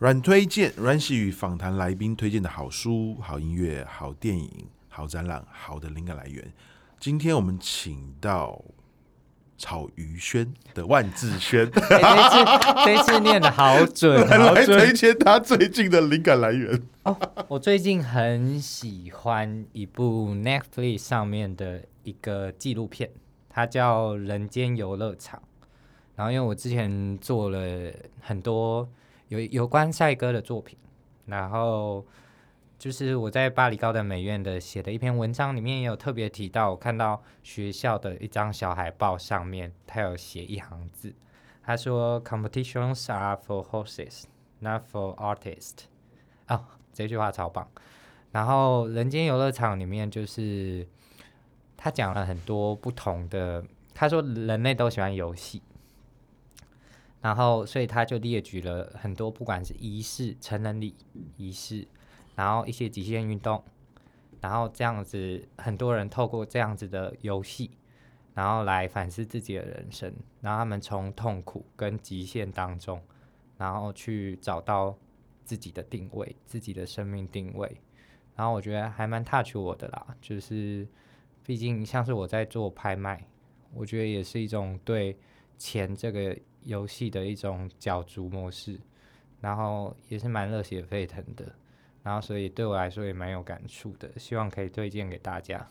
阮推薦，阮喜宇訪談來賓推薦的好書、好音樂、好電影、好展覽、好的靈感來源。今天我們請到。草魚軒的萬志軒、 欸，這次這次唸得好準，好準，來推薦他最近的靈感來源。 oh, 我最近很喜歡一部 Netflix 上面的一個紀錄片，它叫《人間遊樂場》。然後，因為我之前做了很多有有關賽鴿的作品，然後。就是我在巴黎高等美院的寫的一篇文章裡面也有特別提到，我看到學校的一張小海報上面，他有寫一行字，他說 “Competitions are for horses, not for artists。”啊，這句話超棒。然後《人間遊樂場》裡面就是他講了很多不同的，他說人類都喜歡遊戲，然後所以他就列舉了很多，不管是儀式、成人禮、儀式。然後一些極限運動，然後這樣子，很多人透過這樣子的遊戲，然後來反思自己的人生，然後他們從痛苦跟極限當中，然後去找到自己的定位，自己的生命定位。然後我覺得還蠻 touch 我的啦，就是畢竟像是我在做拍賣，我覺得也是一種對錢這個遊戲的一種角逐模式，然後也是蠻熱血沸騰的。然後，所以對我來說也蠻有感觸的，希望可以推薦給大家。